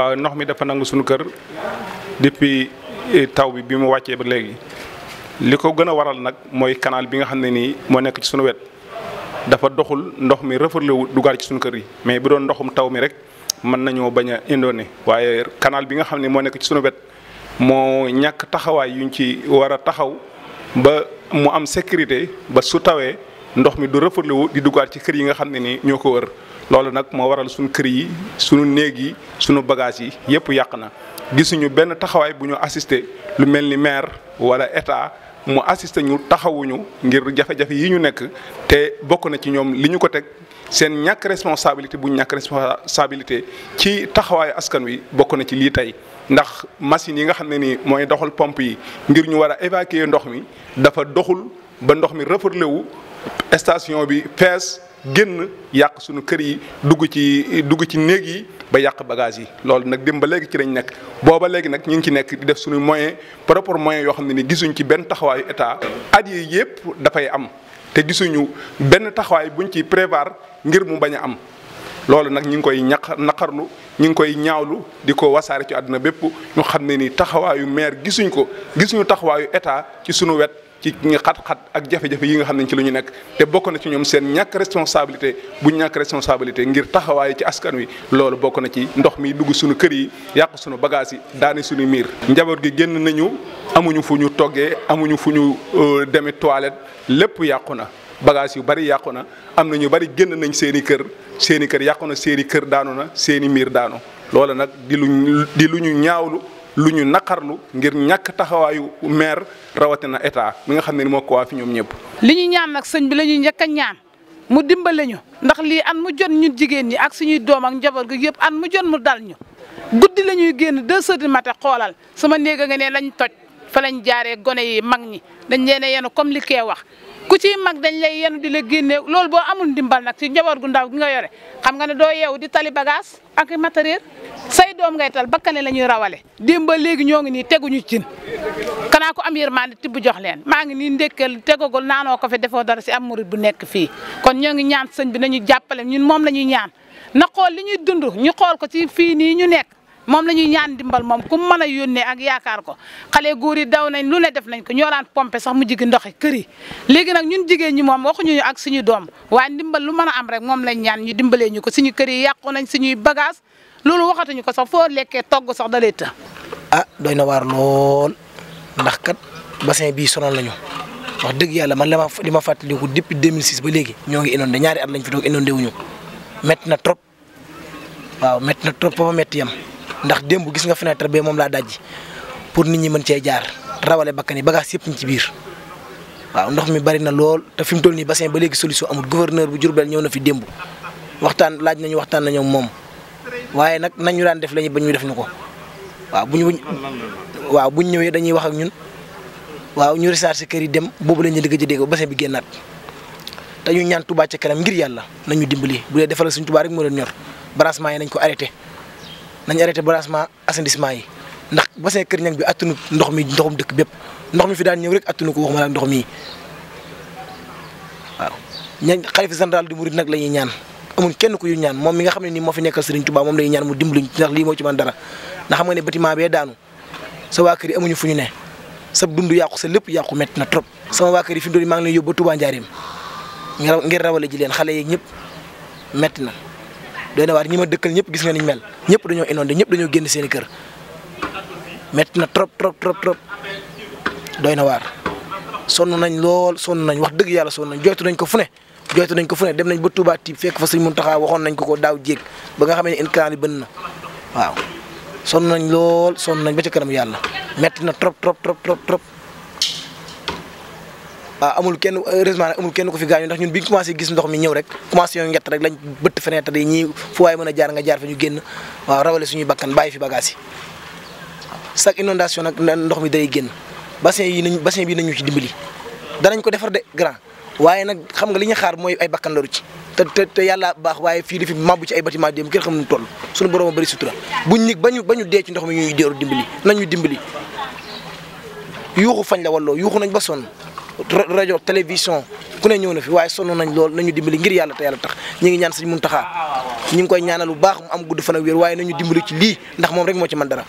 waa ndox mi dafa nangu suñu kër depuis eh, taw bi bi mu wàccee ba léegi li ko gën a waral nag mooy kanaal bi nga xam ne nii moo nekk ci suñu wet dafa doxul ndox mi rëfarlewu dugaat ci suñu kër yi mais bu doon ndoxum taw mi rek mën nañoo bañ a indoone waaye kanaal bi nga xam ne moo nekk ci sunu wet moo ñàkk taxawaay yuñ ci war a taxaw ba mu am sécurité ba su tawee ndox mi du rëfarlewu di dugaat ci kër yi nga xam ne nii ñoo ko wër loolu nag moo waral suñu kër yi suñu néeg yi sunu bagage yi yépp yàq na gisuñu benn taxawaay bu ñu assister lu mel ni maire wala état mu assister ñu taxawuñu ngir jafe-jafe yi ñu nekk te bokk na ci ñoom li ñu ko teg seen ñàkk responsabilité bu ñàkk responsabilité ci taxawaayu askan wi bokk na ci lii tey ndax machine yi nga xam ne ni mooy doxal pompe yi ngir ñu war a évacuer ndox mi dafa doxul ba ndox mi referlé wu station bi fees génn yàq suñu kër yi dugg ci dugg ci néeg yi ba yàq bagage yi loolu nag dem ba léegi ci lañ nekk booba léegi nag ñu ngi ci nekk di def suñu moyen par rapport moyen yoo xam ne ni gisuñ ci benn taxawaayu état at yi yépp dafay am te gisuñu benn taxawaay buñ ci prévoir ngir mu bañ a am loolu nag ñu ngi koy ñaq naqarlu ñu ngi koy ñaawlu di ko wasaare ci àdduna bépp ñu xam ne ni taxawaayu maire gisuñ ko gisuñu taxawaayu état ci suñu wet ci ñi xat-xat ak jafe-jafe yi nga xam ne ci lu ñu nekk te bokk na ci ñoom seen ñàkk responsabilité bu ñàkk responsabilité ngir taxawaay ci askan wi loolu bokk na ci ndox mii dugg suñu kër yi yàq suñu bagage yi daani suñu miir njaboot gi génn nañu amuñu fu ñu toggee amuñu fu ñu euh, demee toilette lépp yàqu na bagage yu bari yàqu na am na ñu bari génn nañ seen i kër seen i kër yàqu na seeni kër daanu na seeni miir daanu loola nag di lu ñu ñaawlu lu ñu naqarlu ngir ñàkk taxawaayu maire rawatina état mi nga xam ne ni moo ko waa ñoom ñëpp. li ñu ñaan nag sëñ bi la ñuy njëkk a ñaan mu dimbale ñu ndax lii an mu jot ñu jigéen ñi ak suñuy doom ak njaboot gu yëpp an mu jot mu dal ñu guddi la ñuy génn deux heures du matin xoolal sama néeg nga ne lañ toj fa lañ jaaree gone yi mag ñi dañ leen a yenu comme li kee wax. ku ci mag dañ lay yenu di la génne loolu boo amul ndimbal nag ci njaboot gu ndaw gi nga yore xam nga ne doo yeewu di tali bagage ak matériel say doom ngay tal bakkane la ñuy rawale démb ba léegi ñoo ngi nii teguñu cin kanaa ko am yërmande tibb jox leen maa ngi nii ndékkal tegagul naanoo ko fi defoo dara si am murit bu nekk fii kon ñoo ngi ñaan sëñ bi nañu jàppale ñun moom la ñuy ñaan na xool li ñuy dund ñu xool ko ci fii nii ñu nekk moom la ñuy ñaan dimbal moom ku mën a yónnee ak yaakaar ko xale góor yi daw nañ lu ne def nañ ko ñoo daan pompe sax mu jigi ndoxi kër yi léegi nag ñun jigéen ñi moom waxuñu ak suñu doom waaye ndimbal lu mën a am rek moom lañ ñaan ñu dimbalee ñu ko suñu kër yi yàqu nañ suñuy bagage loolu waxatuñu ko sax foo lekkee togg sax dalee të ah doy na waar lool ndax kat bassin bii sonal nañu wax dëgg yàlla man lama li ma fàttaliku depuis 2006 ba léegi ñoo ngi inondé ñaari at lañ fi doog inondé wuñu métti na trop waaw na trop ba ma ndax démb gis nga fenêtre be moom laa dajji pour nit ñi mën cee jaar rawale bakkan yi bagage yëpp ñu ci biir waaw ndox mi bari na lool te fi mu toll nii bassin ba léegi solution amul gouverneur bu Diourbel ñëw na fi démb waxtaan laaj nañu waxtaan nañu moom waaye nag nañu daan def lañu ba ñu def ñu ko waaw bu ñu waaw bu ñu ñëwee dañuy wax ak ñun waaw ñu recharger kër yi dem boobu la ñu gëj a dégg bassin bi génnaat te ñu ñaan Touba ca kanam ngir yàlla nañu dimbali bu dee defal suñ Touba rek moo leen ñor branchement yi nañ ko arrêté. nañ arrêté branchement assainissement yi ndax ba bassin Kër Niang bi attunu ndox mi ndoxum dëkk bépp ndox mi fi daal ñëw rek attunu ko waxuma la ndox mi waaw ñañ xalifa général di murid nag la ñuy ñaan amul kenn ku ñaan moom mi nga xam ne nii moo fi nekkal Serigne Touba moom la mu dimbali ndax lii moo ci man dara ndax xam nga ne bâtiment bee daanu sa waa kër yi amuñu fu ñu ne sa dund yàqu sa lépp yàqu metti na trop sama waa kër yi fi mu doon maa ngi leen yóbbu ba Touba Njaareem ngir rawale ji leen xale yi ñëpp metti na doy na waar ñi ma dëkkal ñëpp gis nga niñ mel ñëpp dañoo inondé ñëpp dañoo génn seen kër métti na trop trop trop trop doy na waar sonn nañ lool sonn nañ wax dëgg yàlla sonn nañ joytu nañ ko fu ne joytu nañ ko fu ne dem nañ ba tubaat Tiib fekk fa mun Muntaxa waxoon nañ ko ko daaw jeeg ba nga xam ne inkaar yi na waaw sonn nañ lool sonn nañ ba ca kanam yàlla metti na trop trop trop trop trop waaw amul kenn heureusement nag kenn ko fi gaañu ndax ñun bi ñu commencé gis ndox mi ñëw rek commencé ñoo ngett rek lañ bëtt fenêtre yi ñii fu waaye mën a nga jaar fa ñu génn waaw rawale suñuy bakkan fi bagage yi inondation nag ndox mi day génn bassin yi nañ bassin bi nañu ci dimbali danañ ko defar de grand waaye nag xam nga li ñu xaar mooy ay bakkan ci te te te yàlla baax waaye fii dafi mabbu ci ay bâtiment dem kër xam nu toll suñu borom a bëri sutura bañu ba dee ci ndox mi ñuy déeru dimbali nañu dimbali yuuxu fañ la walloo yuuxu nañ ba sonn rajo télévision ku ne ñëw na fi waaye sonn nañ lool nañu dimbali ngir yàlla te yàlla tax ñi ngi ñaan sëñ Muntaxa ñi ngi koy ñaanal bu baax mu am gudd fan ak wér waaye nañu dimbali ci lii ndax moom rek moo ci man dara